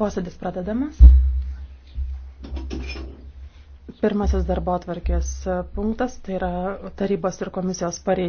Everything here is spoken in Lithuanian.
Posėdis pradedamas. Pirmasis darbo atvarkės punktas tai yra tarybos ir komisijos pareiškimas.